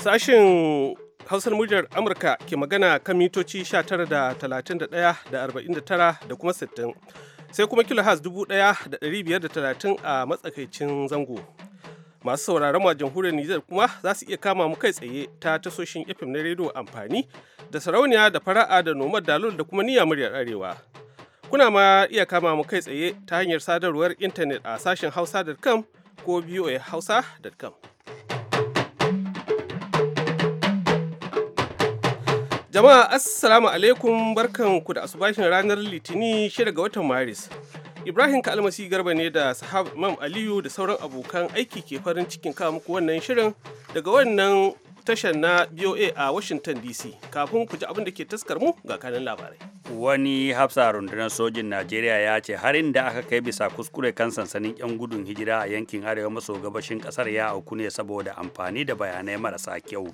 Sashen Hausar muryar Amurka ke magana kan mitoci 19 da da 49 da kuma 60. Sai kuma kilohaz 1530 a matsakaicin zango. Masu sauraron a jamhuriyar Nijar kuma za su iya kama mu kai tsaye ta tasoshin FM na rediyo amfani da sarauniya da fara'a da nomad dalol da kuma niyya muryar arewa. Kuna ma iya kama mu kai tsaye ta hanyar sadarwar intanet a sashen hausa.com ko voahausa.com. Jama'a Assalamu alaikum ku da asubashin ranar Litini 6 ga watan Maris. Ibrahim Kalmasi Garba ne da Sahab Imam Aliyu da sauran abokan aiki ke farin cikin kawo muku wannan shirin daga wannan tashar na BOA a Washington DC. Kafin ku ji abin da ke taskar mu ga kanin labarai. Wani hafsa rundunar sojin Najeriya ya ce harin da aka kai bisa kuskure kan sansanin 'yan gudun hijira a yankin arewa maso gabashin kasar ya auku ne saboda amfani da bayanai marasa kyau.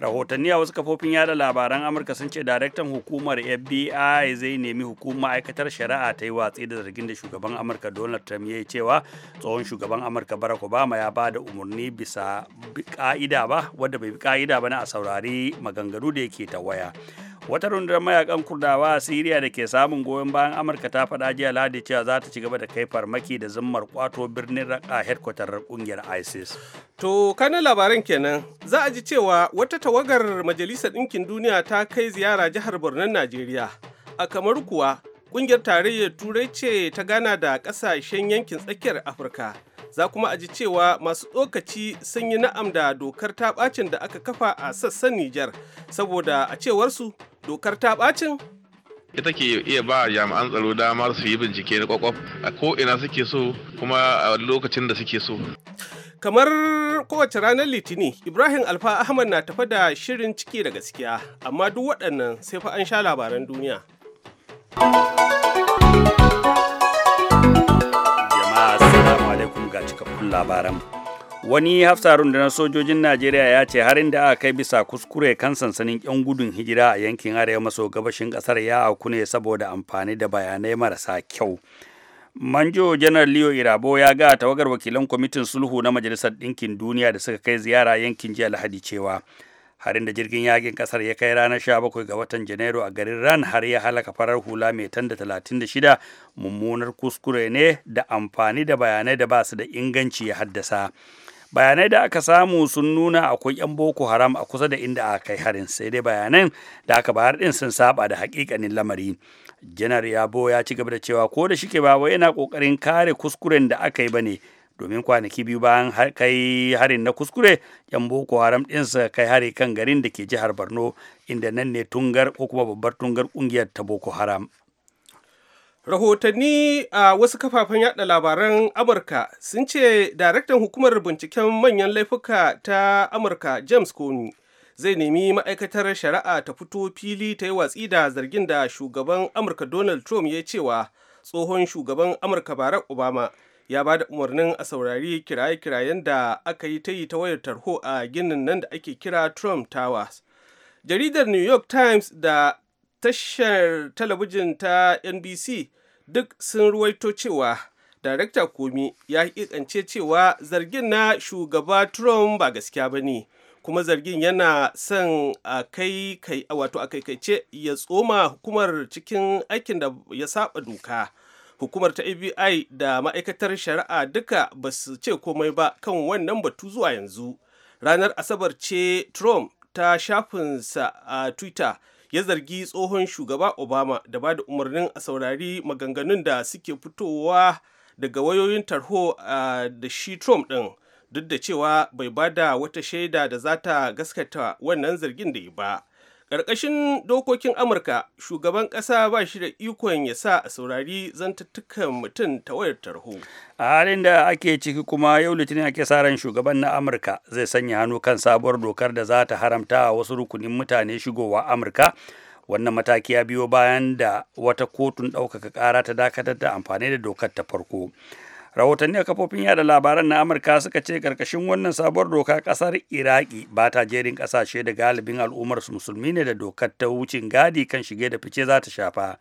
rahotanni a wasu kafofin yada labaran amurka sun ce daraktan hukumar fbi zai nemi hukuma ma'aikatar shari'a ta yi watsi da zargin da shugaban amurka donald trump ya yi cewa tsohon shugaban amurka barack obama ya ba da umarni bisa ka'ida ba wadda bai bi ka'ida ba na a saurari maganganu da yake ta waya wata rundunar mayakan kurdawa a siriya da ke samun goyon bayan amurka ta faɗa jiya Ladi cewa za ta ci gaba da kai farmaki da zummar kwato birnin raka hedkwatar kungiyar isis to kanan labaran kenan za a ji cewa wata tawagar majalisar ɗinkin duniya ta kai ziyara jihar Birnin najeriya a kamar kuwa kungiyar tarayyar turai ce ta gana da ƙasashen yankin tsakiyar afirka za kuma a ji cewa masu tsokaci sun yi na'am da dokar ta bacin da aka kafa a sassan Nijar saboda a cewarsu dokar ta bacin ita ke iya ba jami'an tsaro dama su yi bincike na kwakwaf a ko ina suke so kuma a lokacin da suke so kamar kowace ranar litini ibrahim alfa ahmad na tafa da shirin ciki da gaskiya amma duk waɗannan sai fa an sha labaran duniya ga cikakkun labaran. Wani hafsa rundunar sojojin Najeriya ya ce harin da aka kai bisa kuskure kan sansanin 'yan gudun hijira a yankin arewa maso gabashin ƙasar ya auku ne saboda amfani da bayanai marasa kyau. Manjo Janar Leo Irabo ya ga tawagar wakilan kwamitin sulhu na Majalisar Ɗinkin Duniya da suka kai ziyara yankin jiya Lahadi cewa harin da jirgin yakin kasar ya kai ranar 17 ga watan janairu a garin ran har ya halaka farar hula mai da 36 mummunar kuskure ne da amfani da bayanai da ba su da inganci ya haddasa bayanai da aka samu sun nuna akwai 'yan boko haram a kusa da inda aka kai harin sai dai bayanan da aka bayar din sun saba da hakikanin lamari janar yabo ya ci gaba da cewa ko da shike ba wai yana kokarin kare kuskuren da aka yi bane domin kwanaki biyu bayan kai harin na kuskure yan boko haram ɗin suka kai hari kan garin da ke jihar borno inda nan ne tungar ko kuma babbar tungar kungiyar ta boko haram rahotanni a uh, wasu kafafen yaɗa labaran amurka sun ce daraktan hukumar binciken manyan laifuka ta amurka james comey zai nemi ma'aikatar shari'a ta fito fili ta yi watsi da zargin da shugaban amurka donald trump ya cewa tsohon shugaban amurka barack obama ya ba da umarnin a saurari kiraye-kirayen da aka yi ta yi ta wayar tarho a ginin nan da ake kira Trump Towers. Jaridar New York Times da tashar talabijin ta NBC duk sun ruwaito cewa darekta Komi ya ikance cewa zargin na shugaba Trump ba gaskiya ba ne. kuma zargin yana son a kai kai wato a ce ya tsoma hukumar cikin aikin da ya saba doka. hukumar ta abi da ma'aikatar shari'a duka ba su ce komai ba kan wannan batu zuwa yanzu ranar asabar ce trump ta shafinsa a twitter ya zargi tsohon shugaba obama da ba da umarnin a saurari maganganun da suke fitowa daga wayoyin tarho da shi trump din duk da cewa bai ba da wata shaida da za ta gaskata wannan zargin da yi ba ƙarƙashin dokokin amurka shugaban ƙasa ba shi da ikon ya sa a saurari zantattukan mutum ta wayar tarho a halin da ake ciki kuma yau litinin ake sa ran shugaban na amurka zai sanya hannu kan sabuwar dokar da za ta haramta wasu rukunin mutane shigowa amurka wannan mataki ya biyo bayan da wata kotun ɗaukaka ƙara ta dakatar da amfani da dokar ta farko rahotanni a kafofin yada labaran na amurka suka ce karkashin wannan sabuwar doka kasar iraki ba ta jerin kasashe da galibin al'ummar su musulmi ne da dokar ta wucin gadi kan shige da fice za ta shafa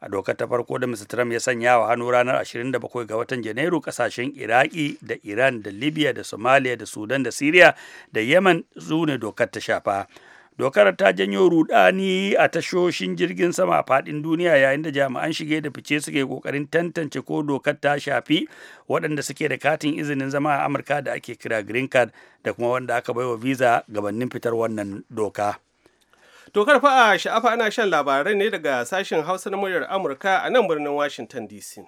a dokar ta farko da mr trump ya sanya wa hannu ranar 27 ga watan janairu kasashen iraki da iran da libya da somalia da sudan da syria da yemen su ne dokar ta shafa dokar ta janyo rudani a tashoshin jirgin sama a fadin duniya yayin da jami'an shige da fice suke kokarin tantance ko dokar ta shafi waɗanda suke da katin izinin zama a amurka da ake kira green card da kuma wanda aka baiwa visa gabanin fitar wannan doka dokar fa'a sha'afa ana shan labarai ne daga sashen hausa na muryar amurka a nan birnin washington dc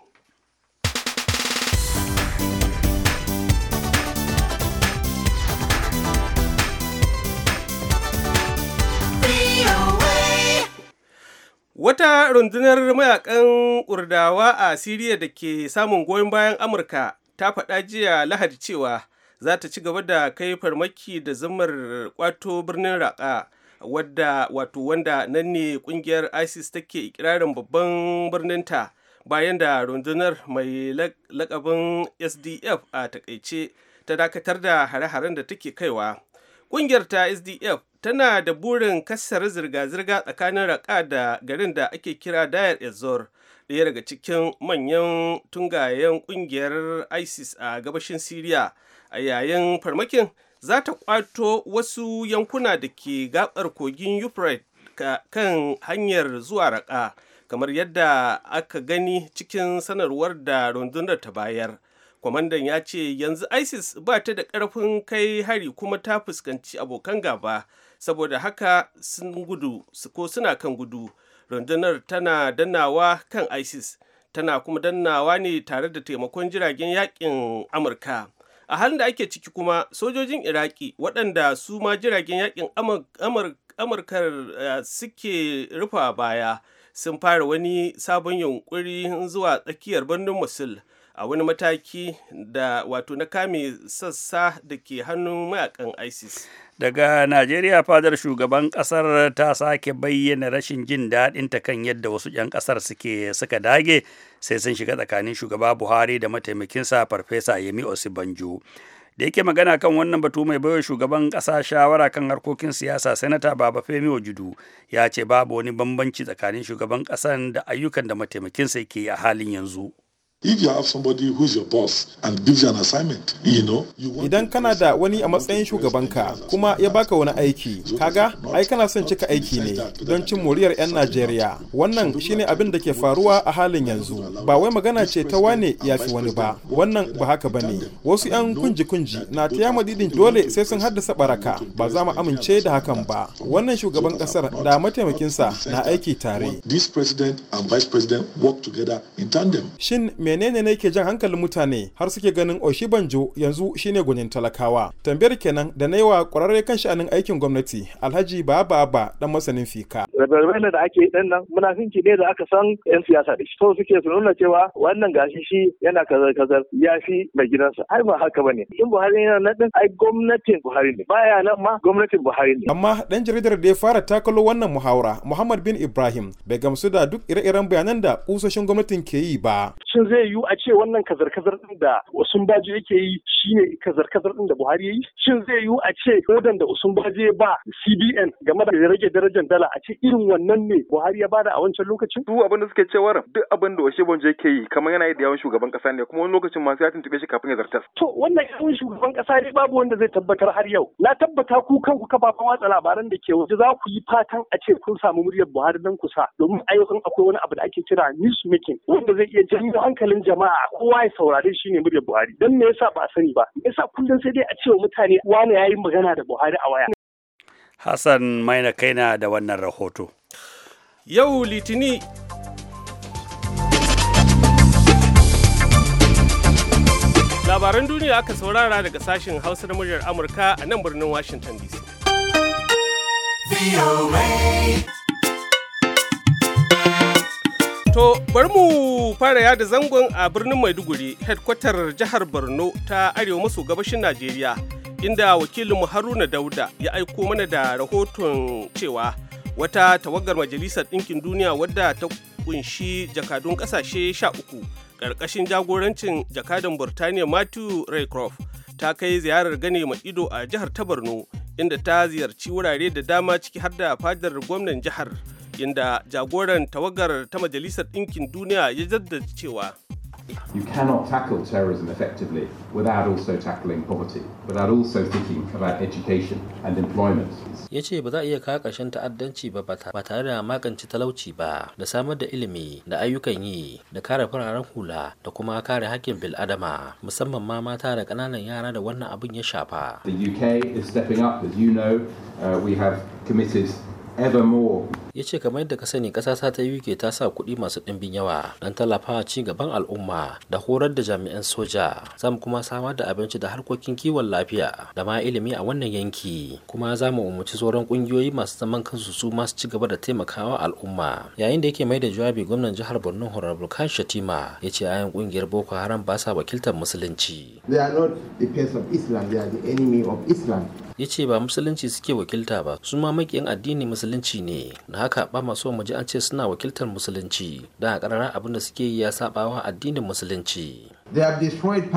Wata rundunar mayakan Kurdawa a Siriya da ke samun goyon bayan Amurka ta faɗa jiya Lahadi cewa za ta ci gaba da kai farmaki da zumar kwato birnin Raqqa wadda wato wanda nan ne kungiyar ISIS take ikirarin babban birninta bayan da rundunar mai lakabin SDF a takaice ta dakatar da hare-haren da take kaiwa. Ƙungiyar ta SDF tana da burin kassar zirga-zirga tsakanin raƙa da garin da ake kira Dayar Ezor, ɗaya daga cikin manyan tungayen ƙungiyar ISIS a gabashin Syria, A yayin farmakin za ta ƙwato wasu yankuna da ke gabar kogin Euphrates kan hanyar zuwa raƙa, kamar yadda aka gani cikin sanarwar da rundunar ta bayar. kwamandan ya ce yanzu isis ba ta da ƙarfin kai hari kuma ta fuskanci abokan gaba saboda haka sun gudu ko suna kan gudu rundunar tana dannawa kan isis tana kuma dannawa ne tare da taimakon jiragen yakin amurka a halin da ake ciki kuma sojojin iraki waɗanda su ma jiragen yakin amurkar eh, suke rufa baya sun fara wani sabon yunkuri zuwa tsakiyar birnin musul a wani mataki da wato na kame sassa da ke hannun mayakan isis daga najeriya fadar shugaban kasar ta sake bayyana rashin jin daɗinta kan yadda wasu 'yan kasar suke suka dage sai sun shiga tsakanin shugaba buhari da mataimakinsa farfesa yemi osibanjo da yake magana kan wannan batu mai baiwa shugaban ƙasa shawara kan harkokin siyasa sanata baba femi ojudu ya ce babu wani bambanci tsakanin shugaban ƙasan da ayyukan da mataimakinsa ke a halin yanzu If you have somebody who's your boss and gives you an assignment, you know, you want Idan kana da wani a matsayin shugabanka kuma ya baka wani aiki, kaga ai kana son cika aiki ne don cin moriyar 'yan Najeriya. Wannan shine abin da ke faruwa a halin yanzu. Ba wai magana ce ta wane ya fi wani ba, wannan ba haka bane. Wasu 'yan kunji-kunji na ta yama didin dole sai sun haddasa baraka, ba za mu amince da hakan ba. Wannan shugaban kasar da mataimakinsa na aiki tare. This president and vice president work together in tandem. Shin menene ne ke jan hankalin mutane har suke ganin oshi banjo yanzu shine gunin talakawa. Tambayar kenan da na yi wa kwararre kan sha'anin aikin gwamnati Alhaji Baba Baba dan masanin fika. rabarbaina da ake dan nan muna ki ne da aka san 'yan siyasa da shi. to suke su nuna cewa wannan gashi shi yana kazar-kazar ya fi mai gidansa. Ai ba haka bane. In Buhari yana nan din ai gwamnatin Buhari ne. Baya nan ma gwamnatin Buhari ne. Amma dan jaridar da ya fara takalo wannan muhawara Muhammad bin Ibrahim bai gamsu da duk ire-iren bayanan da kusoshin gwamnatin ke yi ba. Shin zai zai yiwu a ce wannan kazar-kazar din da Usman Baji yake yi shine kazar-kazar din da Buhari yayi shin zai yiwu a ce kodan da Usman Baji ya ba CBN game da rage darajar dala a ce irin wannan ne Buhari ya bada a wancan lokacin su abin da suke cewar duk abin da Oshebonje yake yi kamar yana yi da yawan shugaban kasa ne kuma wani lokacin masu ya tuntube shi kafin ya zartas to wannan yawan shugaban kasa ne babu wanda zai tabbatar har yau na tabbata ku kanku kafafen watsa labaran da ke waje za ku yi fatan a ce kun samu muryar Buhari dan kusa domin ayyukan akwai wani abu da ake kira news making wanda zai iya janyo hankali hankalin jama'a kowa ya saurari, shi ne muryar Buhari dan me yasa ba sani ba me yasa kullum sai dai a ce wa mutane wani yayi magana da Buhari a waya Hassan Maina kaina da wannan rahoto Yau Litini Labaran duniya aka saurara daga sashen Hausa na muryar Amurka a nan birnin Washington DC. To bari mu fara yada zangon a birnin Maiduguri, headquarter jihar Borno ta arewa maso gabashin Najeriya, inda wakilinmu Haruna Dauda ya aiko mana da rahoton cewa wata tawagar Majalisar Ɗinkin Duniya wadda ta kunshi jakadun ƙasashe sha uku ƙarƙashin jagorancin jakadan Burtaniya Matthew Raycroft ta kai ziyarar gane ma ido a jihar ta Borno, inda ta ziyarci wurare da dama ciki har da fadar gwamnan jihar. inda jagoran tawagar ta majalisar ɗinkin duniya ya jaddada cewa You cannot tackle terrorism effectively without also tackling poverty, without also thinking about education and employment. Ya ce ba za a iya kawo ƙarshen ta'addanci ba ba tare da magance talauci ba da samar da ilimi da ayyukan yi da kare fararen hula da kuma kare hakkin bil'adama musamman ma mata da ƙananan yara da wannan abin ya shafa. The UK is stepping up as you know uh, we have committed ever more ya ce kamar yadda ka sani kasa ta uk ta sa kuɗi masu ɗimbin yawa don tallafawa ci gaban al'umma da horar da jami'an soja za mu kuma samar da abinci da harkokin kiwon lafiya da ma ilimi a wannan yanki kuma za mu umarci sauran ƙungiyoyi masu zaman kansu su masu ci gaba da taimakawa al'umma yayin da yake mai da jawabi gwamnan jihar borno honorable kan shatima ya ce ayan ƙungiyar boko haram ba sa wakiltar musulunci ya ce ba musulunci suke wakilta ba su ma makiyan addini musulunci ne da haka ba masu so mu an ce suna wakiltar musulunci don a ƙarara abin da suke yi ya saɓawa addinin musulunci they have destroyed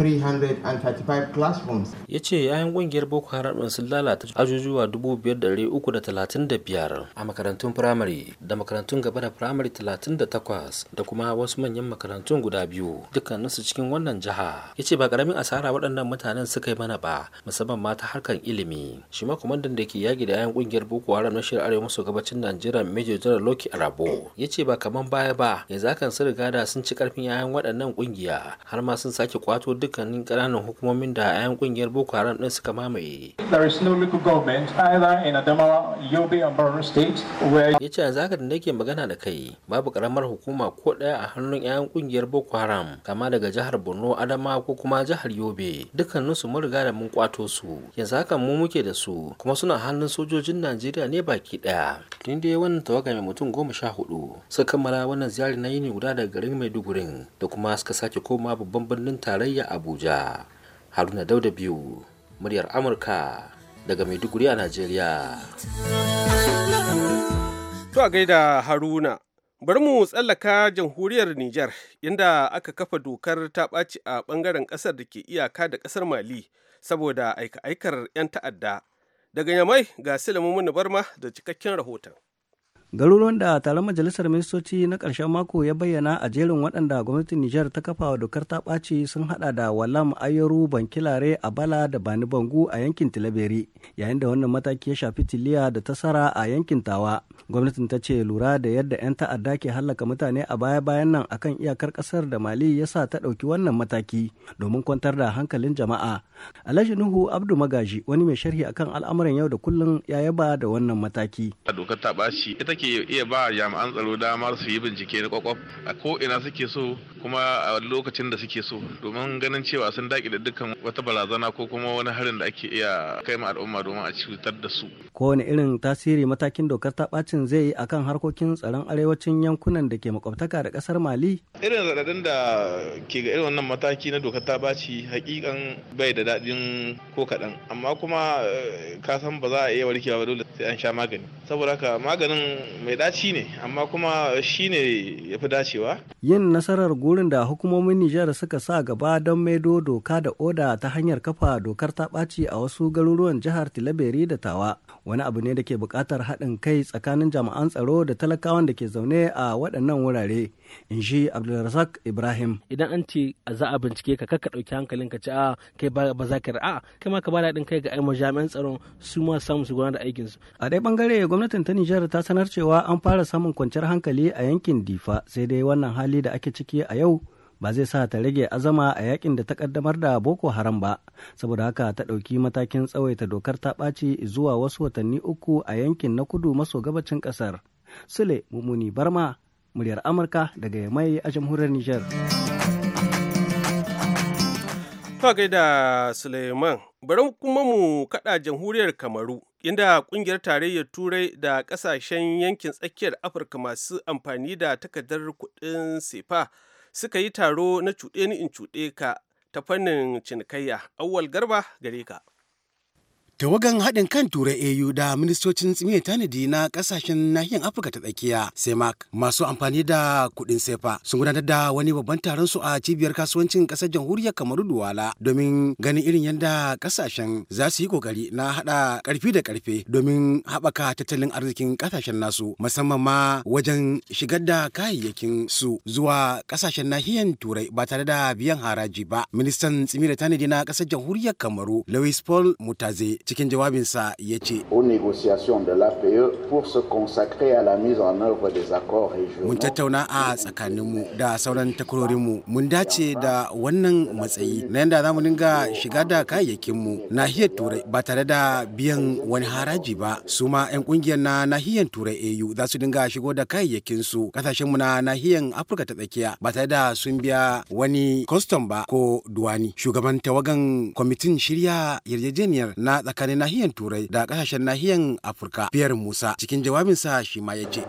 335 classrooms. Ya ce yayin ƙungiyar Boko Haram sun lalata ajujuwa 5,335 a makarantun firamare da makarantun gaba da firamare 38 da kuma wasu manyan makarantun guda biyu dukkaninsu cikin wannan jiha. Ya ce ba ƙaramin asara waɗannan mutanen suka yi mana ba musamman ma ta harkar ilimi. Shi ma kwamandan da ke yaƙi da yayin ƙungiyar Boko Haram na shirin arewa maso gabacin Najeriya Major General Loki Arabo ya ce ba kaman baya ba yanzu akan sun riga da sun ci karfin yayan waɗannan ƙungiya har ma sun sake kwato duk dukkanin ƙananan hukumomin da 'yan ƙungiyar Boko Haram ɗin suka mamaye. There is ya ce yanzu haka da nake magana da kai babu karamar hukuma ko ɗaya a hannun 'yan ƙungiyar Boko Haram kama daga jihar Borno, Adama ko kuma jihar Yobe dukkanin su mun riga da mun kwato su yanzu haka mu muke da su kuma suna hannun sojojin Najeriya ne baki ɗaya. Tun dai wannan tawaga mai mutum goma sha hudu suka kammala wannan ziyari na yini guda daga garin Maiduguri da kuma suka sake koma babban birnin tarayya a Abuja. Haruna Dauda biyu muryar Amurka daga Maiduguri a Najeriya. To a gaida Haruna, bari mu tsallaka jamhuriyar Nijar inda aka kafa dokar ta ɓaci a ɓangaren ƙasar da ke iyaka da ƙasar Mali saboda aika-aikar 'yan ta'adda. Daga Yamai ga Sulaimu Barma da cikakken rahoton. garuruwan da taron majalisar ministoci na ƙarshen mako ya bayyana a jerin waɗanda gwamnatin nijar ta kafa wa dokar ta ɓaci sun haɗa da walam ayyaru bankilare abala da bani bangu a yankin tilaberi yayin da wannan mataki ya shafi tiliya da tasara a yankin tawa gwamnatin ta ce lura da yadda 'yan ta'adda ke hallaka mutane a baya-bayan nan akan iyakar ƙasar da mali ya sa ta ɗauki wannan mataki domin kwantar da hankalin jama'a alhaji nuhu abdu magaji wani mai sharhi akan al'amuran yau da kullum ya yaba da wannan mataki suke iya ba jami'an tsaro damar su yi bincike na kwakwaf a ko ina suke so kuma a lokacin da suke so domin ganin cewa sun daƙi da dukkan wata barazana ko kuma wani harin da ake iya kai ma al'umma domin a cutar da su. Kowane irin tasiri matakin dokar ta bacin zai yi akan harkokin tsaron arewacin yankunan da ke makwabtaka da ƙasar Mali? Irin raɗaɗin da ke ga irin wannan mataki na dokar ta ɓaci hakikan bai da daɗin ko kaɗan amma kuma eh, ka san ba za a iya warkewa ba dole sai an sha magani saboda haka maganin mai daci ne amma kuma shi ne ya fi dacewa. Yin nasarar gurin da hukumomin Nijar suka sa gaba don maido doka da oda ta hanyar kafa dokar ta ɓaci a wasu garuruwan jihar Tilaberi da Tawa wani abu ne da ke bukatar haɗin kai tsakanin jami'an tsaro da talakawan da ke zaune a waɗannan wurare in shi abdulrazak ibrahim idan an ce za a bincike ka kakka ɗauki hankalin ka ci a ah, kai ba za ka a kai ma ka bada haɗin kai ga aima jami'an tsaron su ma samu su gudanar da aikin su a dai bangare gwamnatin ta nijar ta sanar cewa an fara samun kwanciyar hankali a yankin difa sai dai wannan hali da ake ciki a yau ba zai sa ta rage azama a yakin da ta kaddamar da boko haram ba saboda haka ta ɗauki matakin tsawaita dokar ta ɓaci zuwa wasu watanni uku a yankin na kudu maso gabacin ƙasar sule mumuni barma muryar amurka daga mai a jamhuriyar niger To gaida Suleiman, bari kuma mu kada jamhuriyar Kamaru, inda kungiyar tarayyar Turai da kasashen yankin tsakiyar Afirka masu amfani da takardar kudin sefa suka yi taro na cuɗe ni in cuɗe ka ta fannin cinikayya. Auwal Garba gare ka. tawagan haɗin kan turai au da ministocin tsimiyar tanadi na ƙasashen nahiyar afirka ta tsakiya semak masu amfani da kuɗin sefa sun gudanar da wani babban taron su a cibiyar kasuwancin ƙasar jamhuriyar kamaru duwala domin ganin irin yadda ƙasashen za su yi ƙoƙari na haɗa ƙarfi da ƙarfe domin haɓaka tattalin arzikin ƙasashen nasu musamman ma wajen shigar da kayayyakin su zuwa ƙasashen nahiyar turai ba tare da biyan haraji ba ministan da tanadi na ƙasar jamhuriyar kamaru louis paul mutaze cikin jawabinsa ya ce mun tattauna a tsakaninmu da sauran takwarorinmu mun dace da wannan matsayi na yadda za mu dinga shiga da kayayyakinmu nahiyar turai ba tare da biyan wani haraji ba su ma 'yan kungiyar na nahiyar turai au za su dinga shigo da kayayyakinsu kasashenmu na nahiyar afirka ta tsakiya ba tare da sun biya wani kwastam ba ko duwani shugaban tawagan kwamitin shirya yarjejeniyar na tsakanin tsakanin nahiyar turai da kasashen nahiyan afirka biyar musa cikin jawabinsa shi ma ya ce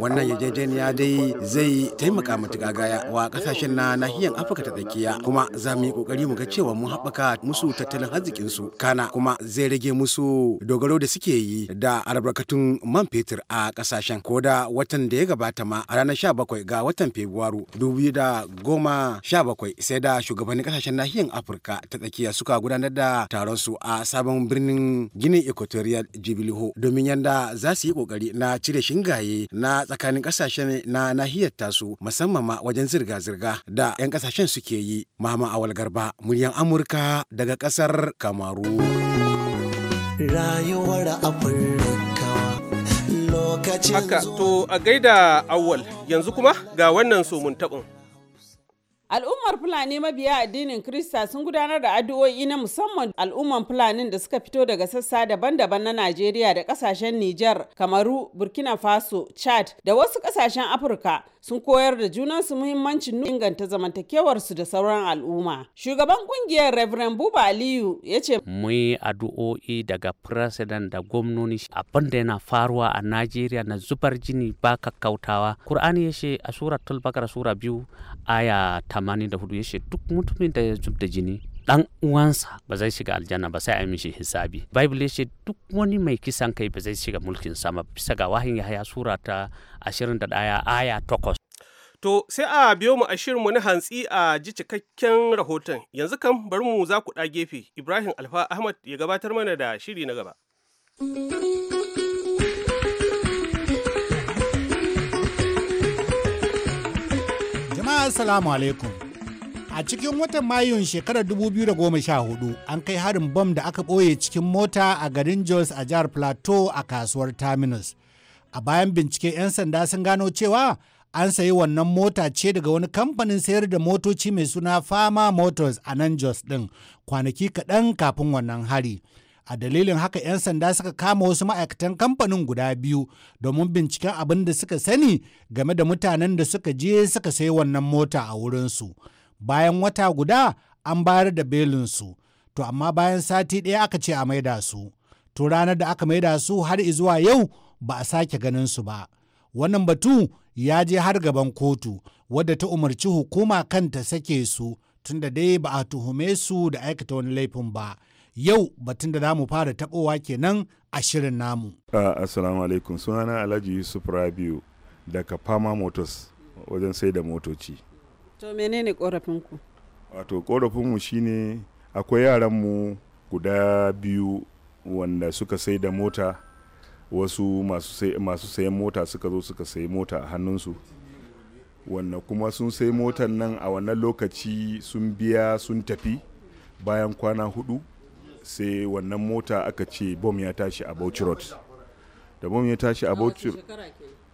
wannan yajejeniya dai zai taimaka matuƙa gaya wa kasashen na nahiyar afirka ta tsakiya kuma za mu yi ƙoƙari mu ga cewa mu haɓaka musu tattalin arzikinsu kana kuma zai rage musu dogaro da suke yi da albarkatun man fetur a ƙasashen ko da watan da ya gabata ma a ranar bakwai ga watan fabrairu 2017 sai da shugabannin kasashen nahiyar afirka ta tsakiya da suka gudanar da taron su a sabon birnin ginin equatorial jubilee domin yanda za su yi kokari na cire shingaye na tsakanin kasashen na nahiyar tasu musamman ma wajen zirga-zirga da 'yan kasashen suke yi mahama awal garba muryan amurka daga kasar kamaru rayuwar haka to a gaida awal yanzu kuma ga wannan somun taɓin Al'ummar Fulani mabiya addinin Krista sun gudanar da addu'o'i na musamman al'umman Fulanin da suka fito daga sassa daban-daban na Najeriya da kasashen Nijar, Kamaru, Burkina Faso, Chad da wasu kasashen Afirka sun koyar da junansu muhimmancin inganta zamantakewarsu da sauran al'umma. Shugaban kungiyar Reverend Buba Aliyu ya ce, Mu yi addu'o'i daga president da gwamnoni abin da yana faruwa a Najeriya na zubar jini ba kakkautawa. Kur'ani ya ce a suratul Bakara sura biyu aya hudu ya ce duk mutumin da ya zub da jini dan uwansa ba zai shiga aljanna ba sai a mishi hisabi bible ya ce duk wani mai kisan kai ba zai shiga mulkin sama bisa ga wahin yahaya sura ta 21 aya 8 To sai a biyo mu a shirinmu na hantsi a ji cikakken rahoton yanzu kan bari mu za ku ɗa gefe Ibrahim Alfa Ahmad ya gabatar mana da shiri na gaba. assalamu alaikum a cikin watan mayun shekarar 2014 an kai harin bom da aka ɓoye cikin mota a garin jos a jihar plateau a kasuwar terminus a bayan bincike 'yan sanda sun gano cewa an sayi wannan mota ce daga wani kamfanin sayar da motoci mai suna fama motors a nan jos ɗin kwanaki kaɗan kafin wannan hari a dalilin haka 'yan sanda suka kama wasu ma'aikatan kamfanin guda biyu domin binciken abin da suka sani game da mutanen da suka je suka sayi wannan mota a wurinsu bayan wata guda an bayar da belinsu to amma bayan sati ɗaya aka ce a maida su to ranar da aka maida su har zuwa yau ba a sake ganin su ba wannan batu ya je har gaban kotu wadda ta umarci hukuma kanta sake su tunda dai ba a tuhume su da aikata wani laifin ba. yau batun da za mu fara taɓowa kenan a shirin namu. Ah, assalamu alaikum sunana Alhaji Yusuf Rabiu daga Fama Motors wajen sai da motoci. To menene korafinku? Wato korafinmu shine akwai yaranmu guda biyu wanda suka sai da mota wasu masu sayan mota suka zo suka sayi mota a hannunsu. wanda kuma sun sai motar nan a wannan lokaci sun biya sun tafi bayan kwana hudu sai wannan mota aka ce bom ya tashi a bauchi road da bom ya tashi a bauchi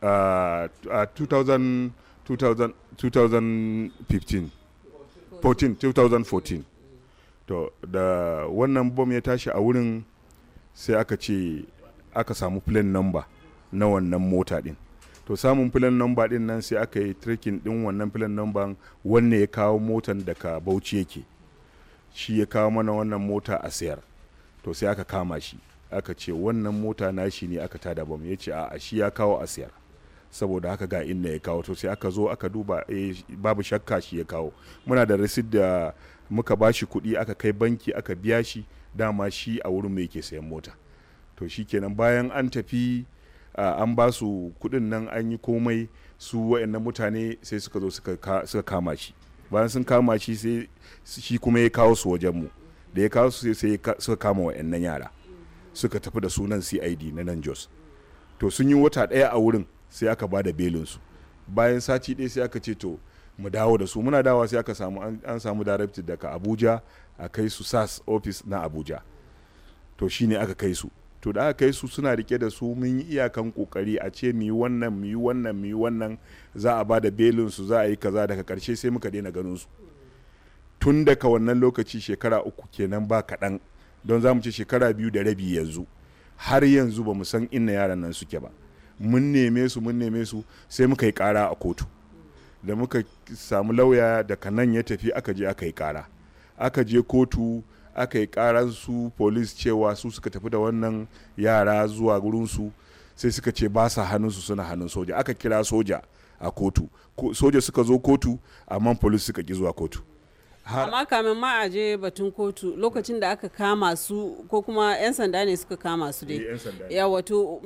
a 2014 to da wannan bom ya tashi a wurin sai aka ce aka samu plane number na wannan mota din to samun plan number din nan sai aka yi trekking din wannan filan namban wanne ya kawo motan daga bauchi yake shi ya kawo mana wannan mota a sayar to sai aka kama shi aka ce wannan mota na shi ne aka tada bam ya ce a shi ya kawo a sayar saboda haka ga inda ya kawo to sai aka zo aka duba eh, babu shakka shi ya kawo muna da rasid da muka ba shi kuɗi aka kai banki aka biya shi dama shi a wurin mai ke sayan mota to shi kenan bayan an tafi an ba su kuɗin nan an yi komai su wa'annan mutane sai suka zo suka kama shi bayan sun kama shi sai shi kuma ya kawo su wajen mu da ya kawo su sai suka kama wa'annan yara suka tafi da sunan cid na nan jos to sun yi wata ɗaya a wurin sai aka ba da belinsu bayan sati ɗaya sai aka ce to mu dawo da su muna dawa sai aka samu an samu director daga abuja a kai su sas office na abuja to shine aka kai su to da aka kai su suna rike da su mun yi iyakan kokari a ce mu yi wannan mu yi wannan mu yi wannan za a ba da belin su za a yi kaza daga karshe sai muka daina ganin su tun daga wannan lokaci shekara uku kenan ba kaɗan don za mu ce shekara biyu da rabi yanzu har yanzu ba mu san inna yaran nan suke ba mun neme su mun neme su sai muka yi kara a kotu da muka samu lauya daga nan ya tafi aka je aka yi kara aka je kotu aka yi karansu polis cewa su suka tafi da wannan yara zuwa gurinsu sai suka ce ba sa hannunsu suna hannun soja aka kira soja a kotu soja suka zo kotu amma polis suka ki zuwa kotu amma kamin ma a je batun kotu lokacin da aka kama su ko kuma 'yan sanda ne suka kama su dai eh, ya wato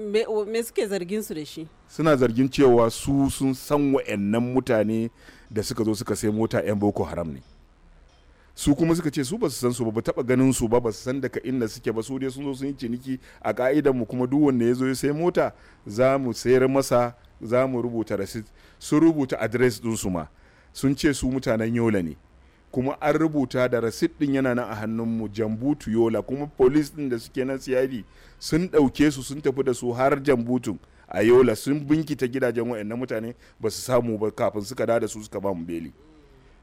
me suke zargin su da shi suna zargin cewa su sun san wa'annan mutane da suka zo suka sai mota 'yan boko haram ne su kuma suka ce su ba su san su ba ba taba ganin su ba ba su san daga inda suke ba su dai sun zo sun yi ciniki a ka'idar mu kuma duk wanda ya zo ya sai mota za mu sayar masa za mu rubuta rasit su rubuta adres din su ma sun ce su mutanen yola ne kuma an rubuta da rasit din yana nan a hannun mu jambutu yola kuma polis din da suke nan siyari sun ɗauke su sun tafi da su har jambutun a yola sun binkita gidajen waɗannan mutane ba su samu ba kafin suka da su suka ba mu beli.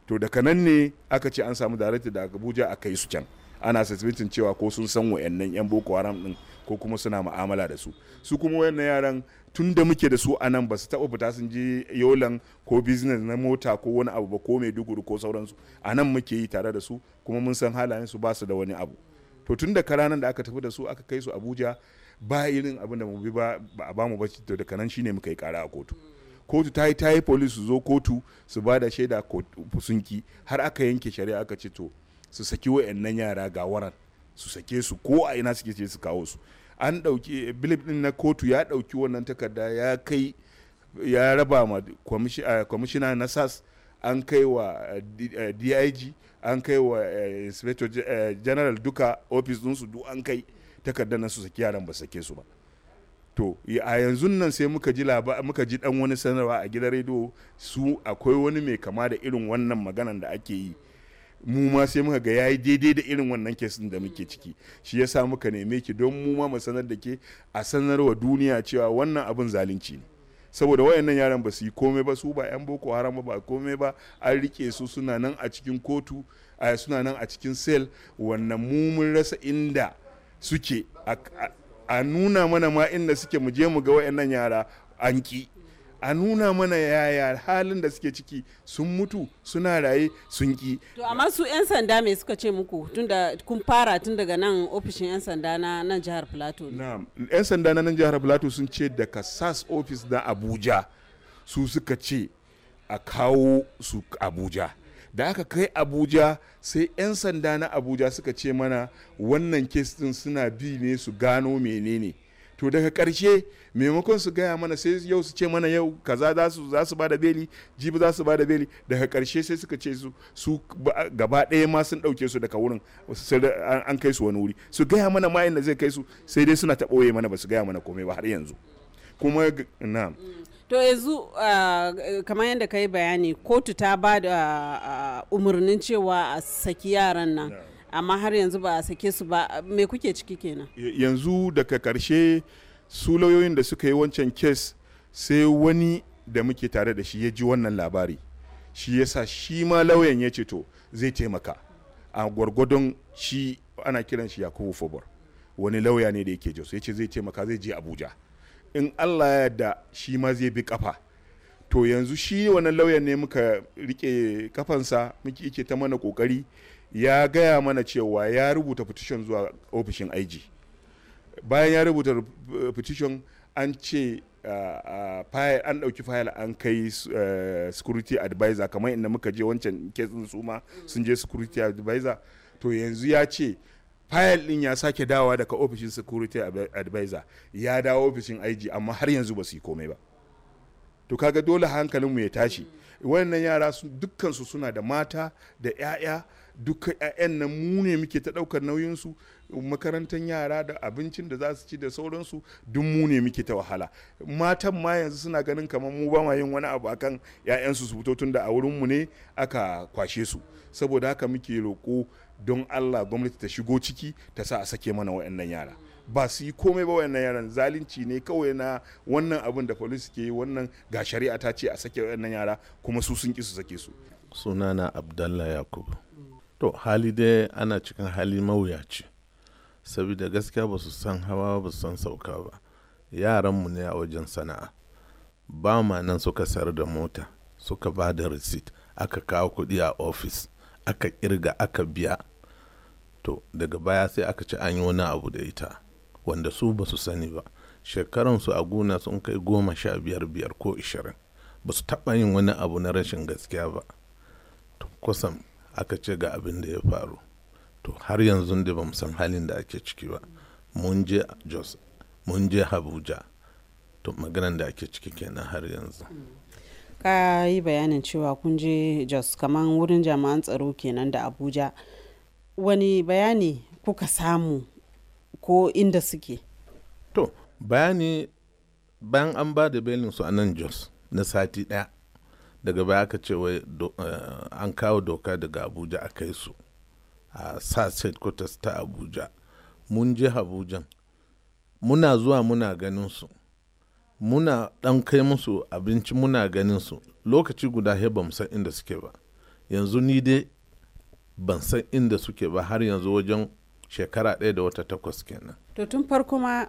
to daga nan ne aka ce an samu darakta da abuja a kai su can ana sasbitin cewa ko sun san wayannan yan boko haram din ko kuma suna ma'amala da su su kuma wayannan yaran tun da muke da su a nan ba su taɓa fita sun je yolan ko business na mota ko wani abu ba ko mai duguru ko sauransu a nan muke yi tare da su kuma mun san halayen su basu da wani abu to tun da karanan da aka tafi da su aka kai su abuja ba irin abin da mu bi ba a bamu ba to daga nan shine muka yi kara a kotu kotu ta yi ta yi police su zo kotu su ba da shaida sunki har aka yanke shari'a aka ce to su saki wa'annan yara ga waran su sake su ko a ina suke ce su kawo su an dauki bilip ɗin na kotu ya ɗauki wannan takarda ya kai ya raba ma kwamishina eh, na sas an kai wa eh, dig eh, an kai wa inspector general duka ofis ɗinsu duk an kai takardar nan su saki yaran ba sake su ba to a yanzu nan sai muka ji muka ji dan wani sanarwa a gidan rediyo su akwai wani mai kama da irin wannan maganan da ake yi mu ma sai muka ga yayi daidai da irin wannan kesin da muke ciki shi yasa muka neme ki don mu ma mu sanar da ke a sanarwa duniya cewa wannan abin zalunci ne saboda wayannan yaran ba su yi komai ba su ba yan boko haram ba komai ba an rike su suna nan a cikin kotu suna nan a cikin sel wannan mu mun rasa inda suke a nuna mana ma inda suke mu je mu ga wayannan yara an ki a nuna mana yaya halin da suke ciki sun mutu suna raye sun ki to amma su yan sanda me suka ce muku tunda kun fara tun daga nan ofishin yan sanda na nan jihar plateau na'am yan sanda na nan jihar plateau sun ce daga sas office na abuja su suka ce a kawo su abuja da aka kai abuja sai 'yan sanda na abuja suka ce mana wannan kes din suna bi ne su gano menene to daga karshe maimakon su gaya mana sai yau su ce mana yau kaza za su za su ba da beli jibi za su ba da beli daga karshe sai suka ce su su gaba ɗaya ma sun ɗauke su daga wurin an kai su wani wuri su gaya mana ma da zai kai su sai dai suna ta ɓoye mana ba su gaya mana komai ba har yanzu kuma na to yanzu ah, kamar yadda ka yi bayani kotu ta ba da ah, ah, umarnin cewa a saki yaran nan amma har yanzu ba a sake su ba me kuke ciki kenan yanzu daga karshe su lauyoyin da suka yi wancan kes sai wani da muke tare da shi ya ji wannan labari shi yasa shi ma lauyan ya ce to zai taimaka a gwargwadon shi ana kiran shi yakubu fobar wani lauya ne da yake jos ya ce zai taimaka zai je abuja in allah ya yarda shi ma zai bi kafa to yanzu shi wannan lauyan ne muka rike kafansa muke ike ta mana kokari ya gaya mana cewa ya rubuta petition zuwa ofishin IG bayan ya rubuta eh, petition an ce an ɗauki fayil an kai eh, security advisor kamar inda muka je wancan kesin su ma sun je security advisor to yanzu ya ce fayil din ya sake dawowa daga ofishin security advisor ya dawo ofishin IG amma har yanzu ba su yi komai ba to kaga dole hankalinmu ya tashi wannan yara dukkansu suna da mata da 'ya'ya duka 'ya'yan nan mu ne muke ta ɗaukar nauyinsu makarantar yara da abincin da za su ci da sauransu duk mu ne muke ta wahala matan ma yanzu suna ganin kamar mu ba ma yin wani abu akan 'ya'yansu su fito tun da a wurinmu ne aka kwashe su saboda haka muke roƙo don allah gwamnati ta shigo ciki ta sa a sake mana waɗannan yara ba su yi komai ba wayannan yaran zalunci ne kawai na wannan abin da polis ke yi wannan ga shari'a ta ce a sake wayannan yara kuma su sun ki su sake su sunana abdallah yakubu to hali dai ana cikin hali mawuyaci saboda gaskiya ba su san hawa ba su san sauka ba yaranmu ne a wajen sana'a ba ma nan suka sayar da mota suka ba da receipt aka kawo kuɗi a office aka kirga aka biya to daga baya sai aka ci an yi wani abu da ita wanda su ba su sani ba shekaransu a gona sun kai goma sha biyar biyar ko ishirin ba su taɓa yin wani abu na rashin gaskiya ba to kusan aka ce ga abin da ya faru to har yanzu da ba san halin da ake ciki ba mun je jos mun je to maganan da ake ciki kenan har yanzu ka yi bayanin cewa kun je jos kaman wurin jami'an tsaro kenan da abuja wani bayani kuka samu ko inda suke to bayani bayan an ba da su a nan jos na sati ɗaya daga baya aka ce wai eh, an kawo doka daga abuja a kai su a sas headquarters ta abuja mun je abuja muna zuwa muna ganin su muna ɗan kai musu abinci muna ganin su lokaci guda he ba san inda suke ba yanzu ni dai ban san inda suke ba har yanzu wajen shekara ɗaya da wata takwas kenan to tun farko ma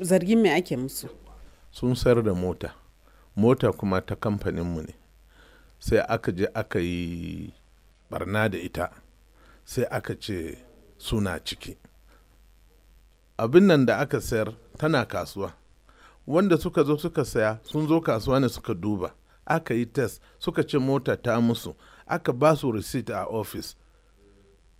zargin mai ake musu sun sayar da mota mota kuma ta kamfaninmu ne sai aka je aka yi barna da ita sai aka ce suna ciki abin nan da aka sayar tana kasuwa wanda suka zo suka saya sun zo kasuwa ne suka duba aka yi test suka ce mota ta musu aka ba su receipt a office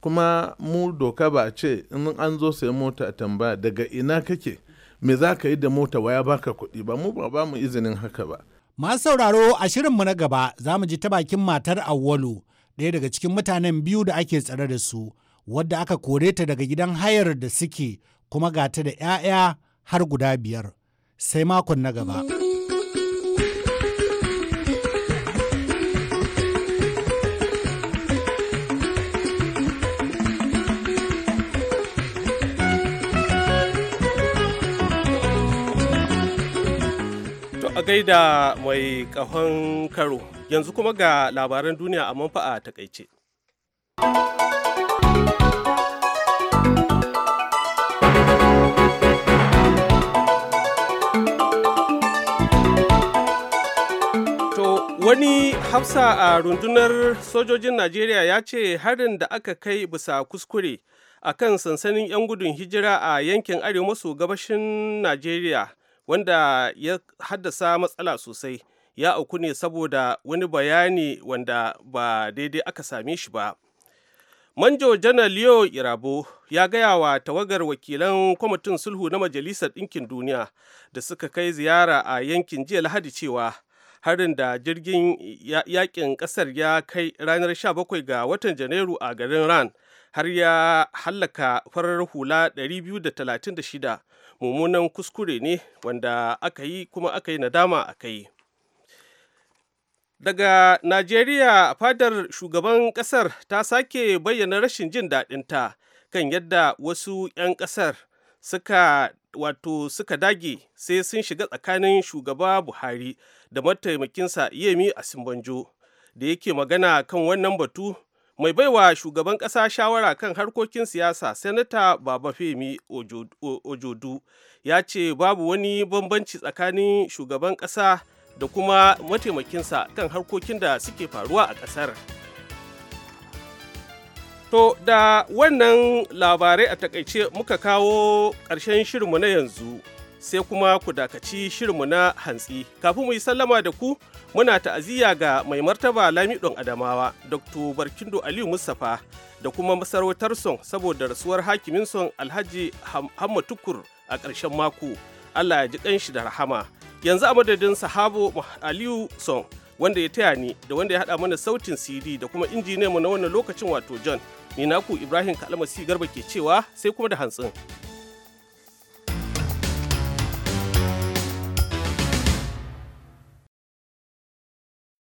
kuma mu doka ba ce in an zo sai mota tambaya daga ina kake me za ka yi da mota waya baka kuɗi ba mu ba mu izinin haka ba masu sauraro a shirin mu na gaba za mu ji ta bakin matar awwalu ɗaya daga cikin mutanen biyu da ake tsare da su wadda aka kore ta daga gidan hayar da suke kuma gata da 'ya'ya har guda biyar sai makon na gaba. to gaida mai ƙahon karo yanzu kuma ga labaran duniya a manfa'a ta takaice. Wani hafsa a rundunar sojojin Najeriya ya ce harin da aka kai bisa kuskure a kan sansanin 'yan gudun hijira a yankin arewa maso gabashin Najeriya wanda ya haddasa matsala sosai ya auku ne saboda wani bayani wanda ba daidai aka same shi ba. Manjo janar Leo Irabo ya gaya wa tawagar wakilan kwamitin sulhu na Majalisar Ɗinkin Duniya da suka kai ziyara a yankin jiya Lahadi cewa harin da jirgin yakin kasar ya kai ranar 17 ga watan janairu a garin ran har ya hallaka farar hula 236 mummunan kuskure ne wanda aka yi kuma aka yi nadama a kai daga najeriya fadar shugaban kasar ta sake bayyana rashin jin daɗinta kan yadda wasu 'yan kasar suka wato suka dage sai sun shiga tsakanin shugaba buhari da mataimakinsa yemi asimbanjo da yake magana kan wannan batu mai baiwa shugaban ƙasa shawara kan harkokin siyasa sanata baba femi ojodu ya ce babu wani bambanci tsakanin shugaban ƙasa da kuma mataimakinsa kan harkokin da suke faruwa a ƙasar. To da wannan labarai a takaice muka kawo ƙarshen shirinmu na yanzu sai kuma ku dakaci shirinmu na hantsi. Kafin mu yi sallama da ku muna ta'aziyya ga mai martaba Lamidon Adamawa, Dr. Barkindo Aliyu Mustapha da kuma masarautar son saboda rasuwar hakimin son Alhaji Hamma Tukur a ƙarshen mako. Allah ya ji ƙanshi da rahama. Yanzu a madadin sahabo Aliyu son wanda ya taya ni da wanda ya haɗa mana sautin CD da kuma injiniyanmu na wannan lokacin wato John. ni naku ibrahim kalmasi garba ke cewa sai kuma da hantsin